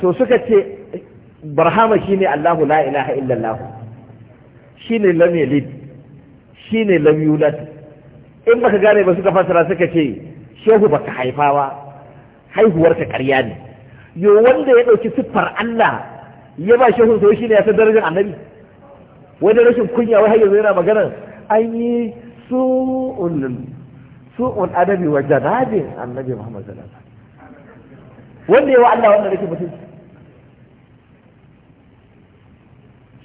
Speaker 3: to suka ce barhama shine Allahu la ilaha illallah shine lam yalid shine lam yulad in baka gane ba suka fasara suka ce shehu baka haifa ba ka ƙarya ne yo wanda ya ɗauki siffar Allah ya ba shehu sai shine ya san darajar annabi wai da rashin kunya wai har yanzu yana magana an yi su'un adabi wa janabi annabi Muhammad sallallahu alaihi wanda yawa Allah wanda yake mutum?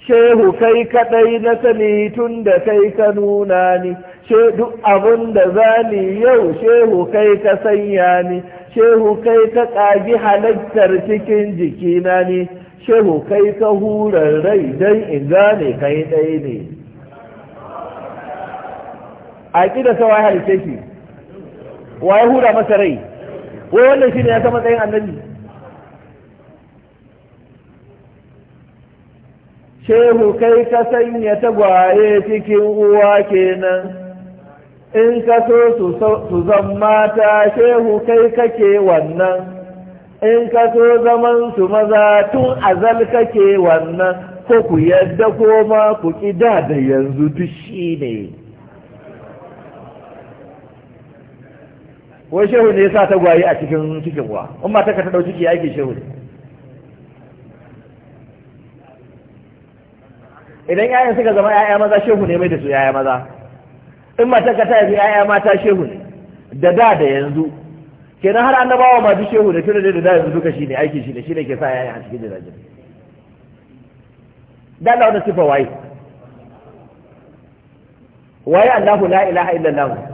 Speaker 3: shehu kai kadai na sani tun da kai ka nuna ni she duk abun da za ni yau shehu kai ka sanya ni shehu kai ka kagi halittar cikin jikina ni shehu kai ka hurar rai don in gane kai dai ne a da sawa ya halice shi wa ya hura masa rai wai wannan shi ne ya sama tsayin annabi shehu kai ka sanya tagwaye cikin uwa kenan in ka so su zan mata shehu kai kake wannan in ka so zaman su maza tun azal kake wannan ko ku yadda ko ma ku ƙi da yanzu duk shi ne ko shehu ne yasa ta gwaye a cikin cikin wa in ma ta ka ta dauki ki aiki shehu idan yayan suka zama yaya maza shehu ne mai da su yaya maza in ma ta ka ta yi yaya mata shehu ne da da da yanzu kenan har annabawa ma duk shehu ne tun da da yanzu duka shine aiki shine shine ke sa yaya a cikin jirajin da Allah wani sifa waye waye Allahu la ilaha illallah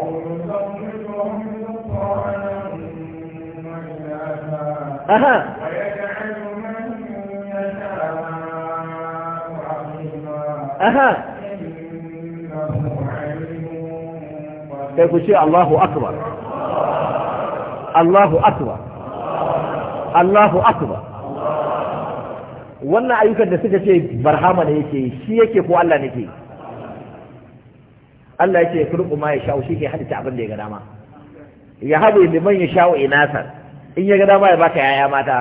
Speaker 1: aha aha sai ku ce Allahu akbar
Speaker 3: Allahu akbar Allahu akbar wannan ayyukan da suka ce barhama ne yake shi yake ko Allah ne ke Allah yake kurku ma ya sha'u shi ke hadita abin da ya ga dama ya haɗe liman ya sha'u inasar in ya ga dama ya baka yaya mata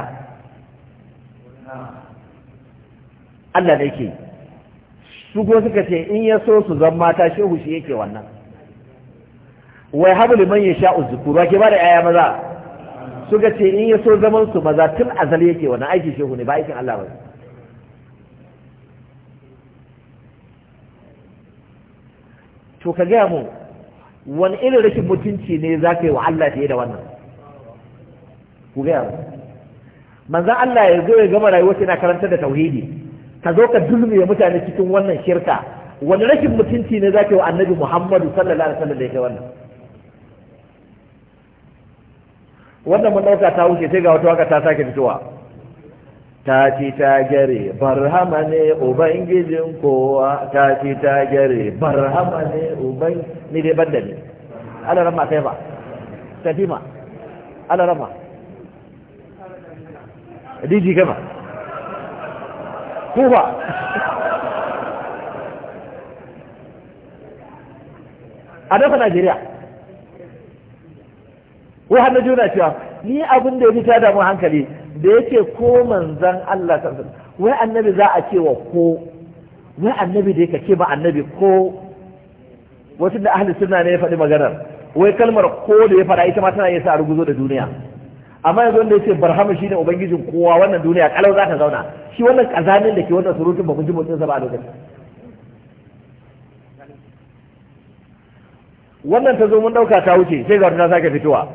Speaker 3: Allah da yake su go suka ce in ya so su zan mata shehu shi yake wannan wai hablu man yasha uzkur wa ke ba da yaya maza suka ce in ya so zaman su maza tun azali yake wannan aiki shehu ne ba aikin Allah ba to ka gaya mu wani irin rashin mutunci ne za ka yi wa Allah fiye da wannan ku gaya ba manzan Allah ya zo ya gama rayuwar yana karanta da tauhidi ka zo ka dulmiye mutane cikin wannan shirka wani rashin mutunci ne zaka yi wa annabi Muhammadu sallallahu alaihi wasallam da yake wannan wannan mun dauka ta wuce sai ga wata waka ta sake fitowa ta ci ta gare barhama ne ubangijin kowa ta ci ta gare barhama ne Ubangijin ni dai banda ne ana rama sai ba ma ana rama riji gama ko ba a dafa najeriya wai hannu juna cewa ni abin da ya fi tada mu hankali da yake ko manzan Allah sansan wai annabi za a ce wa ko wai annabi da yake ce ma annabi ko wasu da ahli suna ne ya faɗi maganar wai kalmar ko da ya faɗa ita ma tana yin sa a ruguzo da duniya amma yanzu wanda yace barhama shine ubangijin kowa wannan duniya kalau za ta zauna shi wannan kazanin da ke wannan surutun ba mu ji motsin sa ba a lokacin wannan ta zo mun dauka ta wuce sai ga ta sake fitowa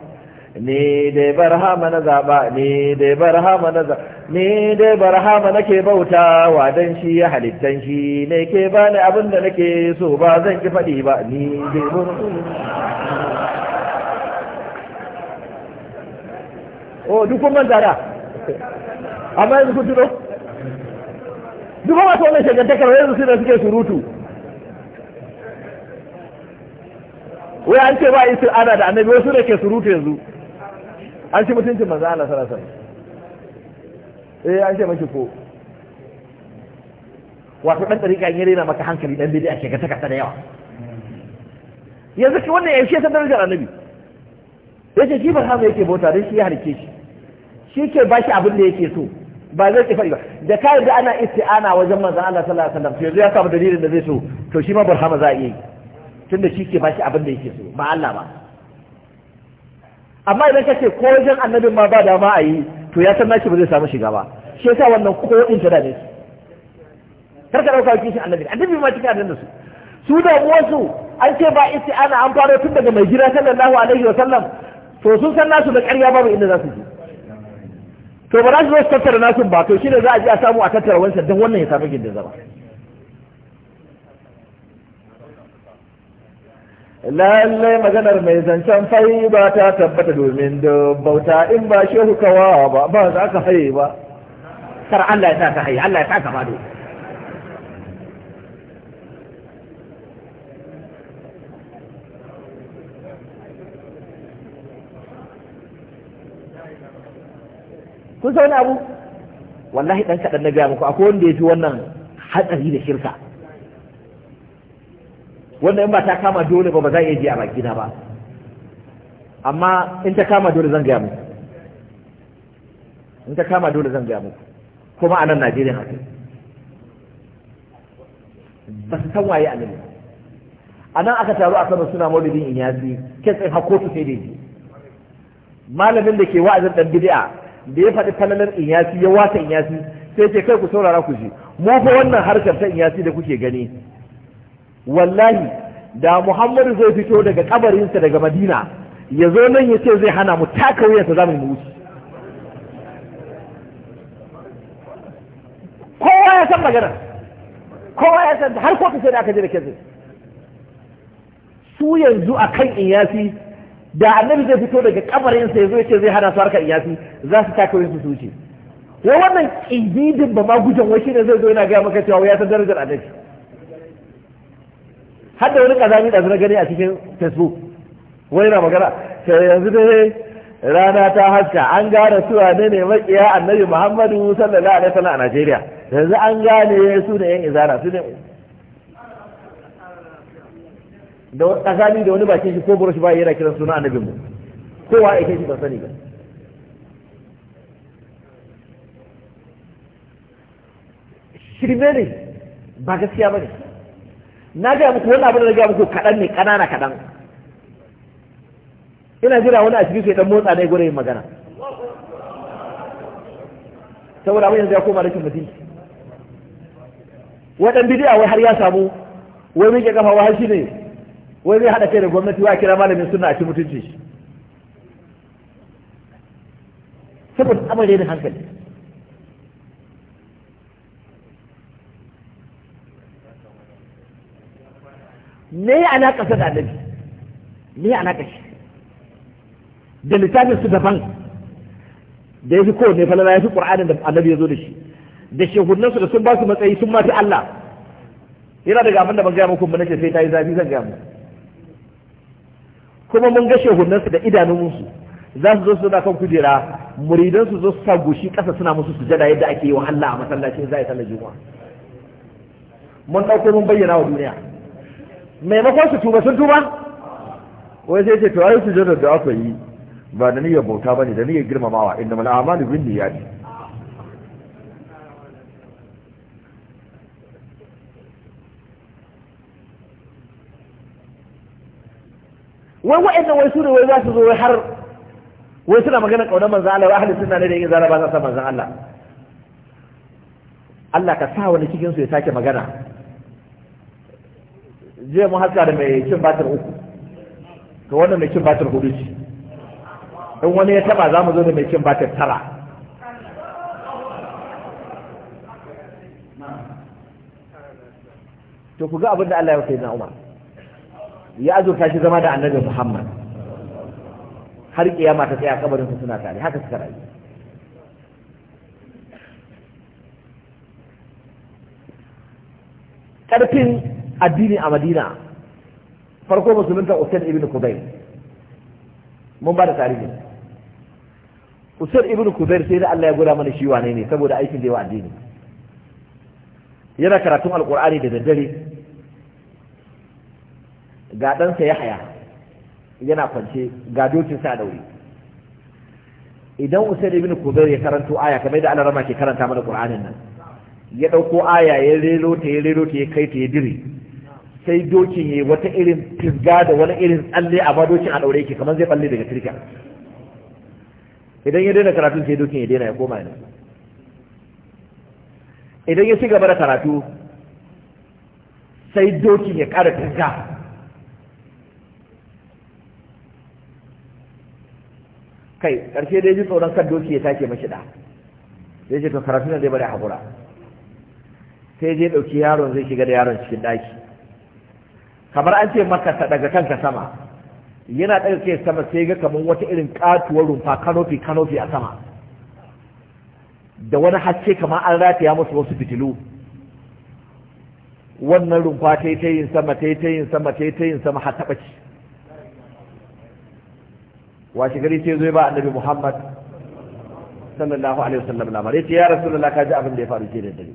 Speaker 3: ni dai barhama na zaba ni dai barhama na zaba ni dai barhama nake bauta wa dan shi ya halittan shi ne ke bani abin da nake so ba zan ki faɗi ba ni dai barhama
Speaker 4: o oh, duk kun manta da
Speaker 3: amma yanzu kun tuno duk masu wannan shagantakar yanzu suna suke surutu wai an ce ba a yi ana da annabi wasu da ke surutu yanzu an ce mutuncin manzo Allah sallallahu alaihi wasallam eh an ce maki ko wato dan tsarika yare yana maka hankali dan a ke ga takasa da yawa yanzu ki wannan yaushe ta darajar annabi yace shi ba mai yake bota dan shi ya harke shi shi ke ba shi abin da yake so ba zai kifa ba da ka yarda ana isti'ana wajen manzon Allah sallallahu alaihi wasallam yanzu ya samu dalilin da zai so to shi ma barhama za a yi tunda shi ke ba shi abin da yake so ba Allah ba amma idan ka ce ko wajen annabin ma ba dama a yi to ya san nashi ba zai samu shiga ba shi yasa wannan ko in ta ne kar ka dauka kishin annabi annabi ma cikin annabi su su da wasu an ce ba isti'ana an fara tun daga mai jira sallallahu alaihi wasallam to sun san nasu da ƙarya babu inda za su je to ba za su zo su tattara nasu ba to shi da za a ji a samu a tattara wancan don wannan ya samu gindin zama lallai maganar mai zancen fai ba ta tabbata domin da bauta in ba shehu kawawa ba ba za ka haye ba
Speaker 2: kar Allah ya sa ka haye
Speaker 3: Allah ya sa ka fado kun sa wani abu wallahi dan kaɗan na gaya muku akwai wanda ya fi wannan hatsari da shirka wanda in ba ta kama dole ba ba za a iya ji a bakina ba amma in ta kama dole zan gaya muku in ta kama dole zan gaya muku kuma a nan najeriya haka ba su san waye annabi a nan aka taru a kano suna maulidin inyasi kai ɗin hakotu sai dai malamin da ke wa'azin dan bid'a da ya faɗi falalar inyasi ya wata inyasi sai ce kai ku saurara ku ji mu fa wannan harkar ta inyasi da kuke gani wallahi da muhammadu zai fito daga kabarinsa daga madina ya zo nan ya ce zai hana mu taka wuyarsa za mu yi wuce kowa ya san magana kowa ya san har ko ka sai da aka je da kyanzu su yanzu a kan inyasi da annabi zai fito daga kabarin sa yazo yace zai hada su harkar iyasi za su taka wani su wuce wai wannan kididin ba ma gujan wai shine zai zo yana ga maka cewa ya san darajar annabi har wani kazami da na gani a cikin facebook wai na magana sai yanzu dai rana ta haska an gane su ne ne makiya annabi muhammadu sallallahu alaihi wasallam a najeriya yanzu an gane su da yan izara su ne da tsakani da wani bakin shi ko burushi ba yana kiran suna annabin mu kowa ya kai shi ban sani ba shirme ne ba gaskiya ba ne na gaya muku wani abin da na gaya muku kaɗan ne ƙanana kaɗan ina jira wani a cikin su ya ɗan motsa ne yin magana saboda abin yanzu ya koma rashin mutunci waɗan bidiya wai har ya samu wai mike kafa wai shi ne wai zai hada kai da gwamnati wa kira malamin suna a ci mutunci shi saboda amare da hankali me ya alaƙa sa da annabi me ya alaƙa shi da littafin su daban da ya fi kowane falala ya fi ƙur'anin da annabi ya zo da shi da shehunansu da sun ba su matsayi sun mafi Allah yana daga abin da ban gaya muku ba nake sai ta yi zafi zan gaya muku kuma mun ga shehunansu da idanunsu za su zo su da kan kujera muridan su zo su gushi ƙasa suna musu sujada yadda ake yi wa Allah a masallaci za a sallar juma'a mun ɗauko mun bayyana wa duniya maimakon su tuba sun tuba wai sai ce to ai sujada da aka ba da niyyar bauta bane da niyyar girmamawa inna mal a'malu bin niyyati wai wa'annan wai su ne wai za su zo wai har wai suna magana kaunar manzan Allah wai ahli suna ne da yin zara ba za su manzan Allah Allah ka sa wani cikin su ya sake magana je mu haska da mai cin batir uku ka wannan mai cin batir hudu ce in wani ya taba za mu zo da mai cin batir tara to ku ga abin da Allah ya sai na Umar ya azurta shi zama da annabi Muhammad har kiyama ta tsaya kabarin su suna tare haka suka rayu karfin addini a Madina farko musulunta Usain ibn Kubayr mun ba da tarihi Usain ibn Kubayr sai da Allah ya gura mana shi wane ne saboda aikin da yawa addini yana karatun alkur'ani da daddare ga ɗansa ya haya yana kwance ga dokin a ɗaure idan usaid ibn kubair ya karanto aya kamar da alarama ke karanta mana qur'anin nan ya dauko aya ya rero ta ya rero ta ya kai ta ya dire sai dokin ya wata irin fisga da wani irin tsalle a dokin a daure yake kamar zai balle daga turka idan ya daina karatu sai dokin ya daina ya koma yana idan ya ci gaba da karatu sai dokin ya ƙara fisga kai ƙarshe dai ji tsoron kan doki ya take mashi da sai ce to karatu zai bari haƙura sai je ɗauki yaron zai shiga da yaron cikin ɗaki kamar an ce maka daga kanka sama yana ɗaga kai sama sai ga kamar wata irin ƙatuwar rumfa kanofi kanofi a sama da wani haske kamar an rataya musu wasu fitilu wannan rumfa ta yi ta yin sama ta yi yin sama ta yi yin sama har taɓa washe gari sai zo ba annabi muhammad sallallahu alaihi wasallam lamar yace ya rasulullah kaji abin da ya faru ke da dare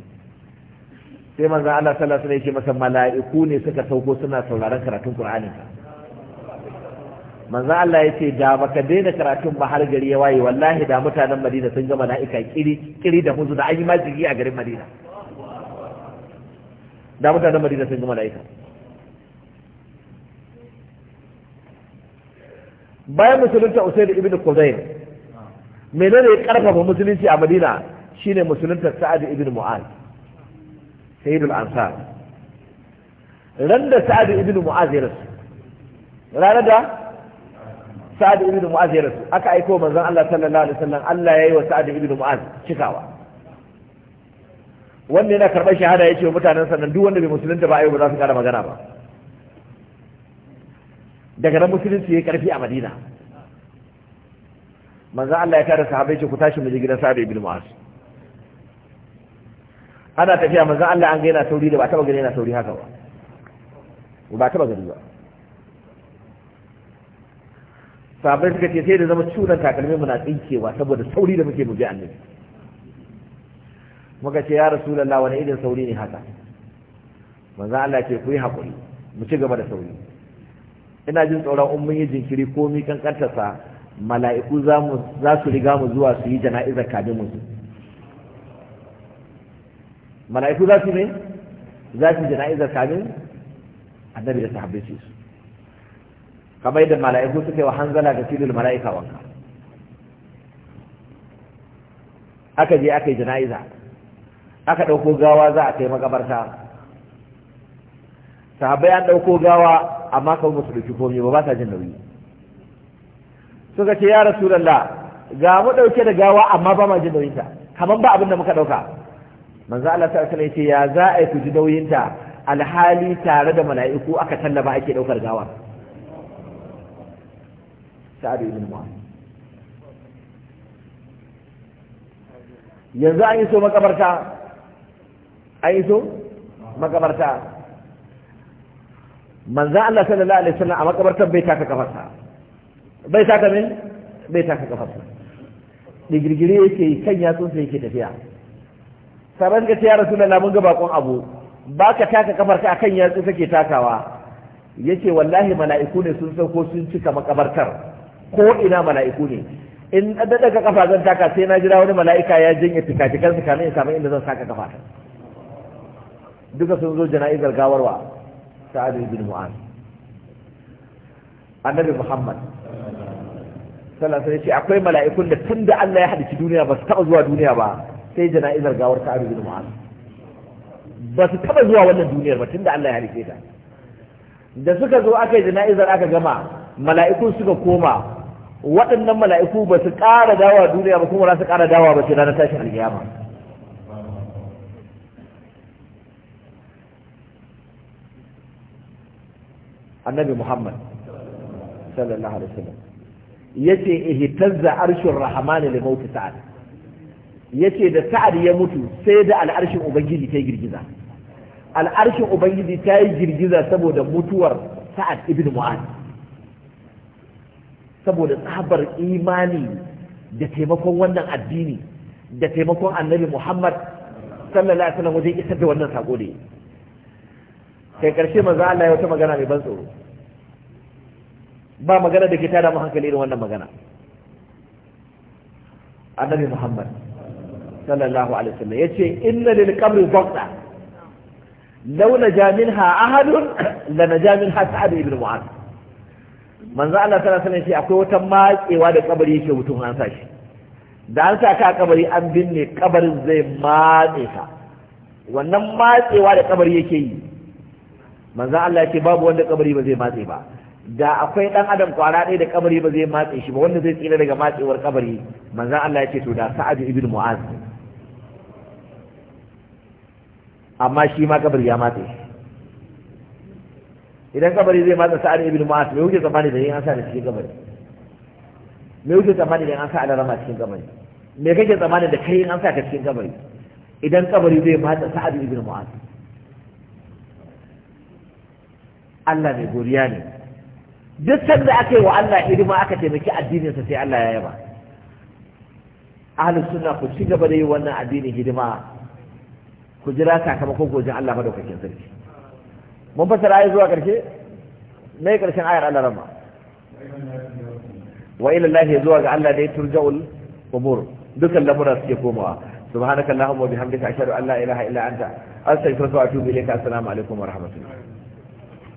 Speaker 3: sai manzon Allah sallallahu alaihi wasallam yace masa mala'iku ne suka sauko suna sauraron karatun qur'anin ka manzon Allah yace da baka daina karatun ba har gari ya waye wallahi da mutanen Madina sun ga mala'ika kiri kiri da huzu da an yi majigi a garin Madina da mutanen Madina sun ga mala'ika bayan musulunta usaid ibn kuzair menene ya karfafa musulunci a madina shine musulunta sa'ad ibn mu'az sayyidul ansar ran da sa'ad ibn mu'az ya rasu ranar da sa'ad ibn mu'az ya rasu aka aiko manzon Allah sallallahu alaihi wasallam Allah yayi wa sa'ad ibn mu'az cikawa Wannan yana karɓar shahada ya ce wa mutanen sannan duk wanda bai musulunta ba a yau ba za su kara magana ba daga nan musulunci ya karfi a madina manzo Allah ya kare sahabbai ce ku tashi mu je gidan Sa'ad ibn Mu'az ana tafiya manzo Allah an ga yana sauri da ba taba gani yana sauri haka ba ba taba gani ba sahabbai suka ce sai da zama cunan takalmin muna tsinkewa saboda sauri da muke mu je annabi muka ce ya rasulullah wani irin sauri ne haka manzo Allah ya ce ku yi hakuri mu ci gaba da sauri ina jin tsoron in mun yi jinkiri ko mi kankantarsa mala'iku za su riga mu zuwa su yi jana'izar kamin mu mala'iku za su ne za su jana'izar kamin annabi da sahabbai su kamar yadda mala'iku suka yi wa hanzala da filin mala'ika wanka aka je aka yi jana'iza aka ɗauko gawa za a kai makabarta sahabbai an ɗauko gawa amma kawai ba da ɗauki ba ba sa jin nauyi suka ce ya rasulallah ga mu ɗauke da gawa amma ba ma jin nauyinta kamar ba abin da muka ɗauka manzo Allah ta ya ce ya za a yi ku ji nauyinta alhali tare da mala'iku aka tallaba ake ɗaukar gawa sa'adu ibn yanzu an yi so makabarta an yi so makabarta manzan Allah sallallahu alaihi wasallam a makabartar bai taka kafarsa bai taka min bai taka kafarsa digirgire yake kan yatsunsa sai yake tafiya saban ga tiyar rasulullah mun ga bakon abu baka taka kafarka akan yatsu kake takawa yace wallahi mala'iku ne sun sauko sun cika makabartar ko ina mala'iku ne in daga kafa zan taka sai na jira wani mala'ika ya janye fikafikansa kamin in samu inda zan saka kafa duka sun zo jana'izar gawarwa sa'ad bin mu'az annabi muhammad sallallahu alaihi ce akwai mala'ikun da tun da Allah ya halici duniya ba su taɓa zuwa duniya ba sai jana'izar gawar sa'ad bin mu'az ba su taɓa zuwa wannan duniyar ba tun da Allah ya halice ta da suka zo aka yi jana'izar aka gama mala'ikun suka koma waɗannan mala'iku ba su ƙara dawa duniya ba kuma ba su ƙara dawa ba sai ranar tashin alkiyama annabi muhammad sallallahu alaihi wasallam yace ihtazza arshur rahmani li mauti sa'ad yace da sa'ad ya mutu sai da al'arshin ubangiji ta girgiza al'arshin ubangiji ta yi girgiza saboda mutuwar sa'ad ibn mu'ad saboda tsabar imani da taimakon wannan addini da taimakon annabi muhammad sallallahu alaihi wasallam wajen isar da wannan sako da kai karshe maza Allah ya wata magana mai ban tsoro ba magana da ke tada mu hankali irin wannan magana annabi Muhammad sallallahu alaihi wasallam yace inna lil qabri dhaqta law naja minha ahadun la naja minha sa'ad ibn mu'adh manzo Allah sallallahu alaihi wasallam akwai wata matsewa da kabari yake mutum an sa shi da an sa ka kabari an binne kabarin zai matse ka wannan matsewa da kabari yake yi manzo Allah ce babu wanda kabari ba zai matse ba da akwai dan adam kwara ɗaya da kabari ba zai matse shi ba wanda zai tsira daga matsewar kabari manzo Allah ya ce to da Sa'ad ibn Mu'az amma shi ma kabari ya matse idan kabari zai matse Sa'ad ibn Mu'az me wuce tsammani da yin an sa da cikin kabari me wuce tsammani da yin an sa rama cikin kabari me kake tsammani da kai an sa ka cikin kabari idan kabari zai matse Sa'ad ibn Mu'az Allah mai goriya ne duk sanda aka yi wa Allah hidima aka taimaki addininsa sai Allah ya yaba ahlus sunna ku ci gaba da yi wannan addinin hidima ku jira sakamakon gojin Allah madaukakin sarki mun fasara ayi zuwa karshe me karshen ayar Allah rama wa ila Allah zuwa ga Allah dai turja'ul umur dukan lamura suke komawa subhanakallahumma wa bihamdika ashhadu an la ilaha illa anta astaghfiruka wa atubu ilayka assalamu alaikum wa rahmatullahi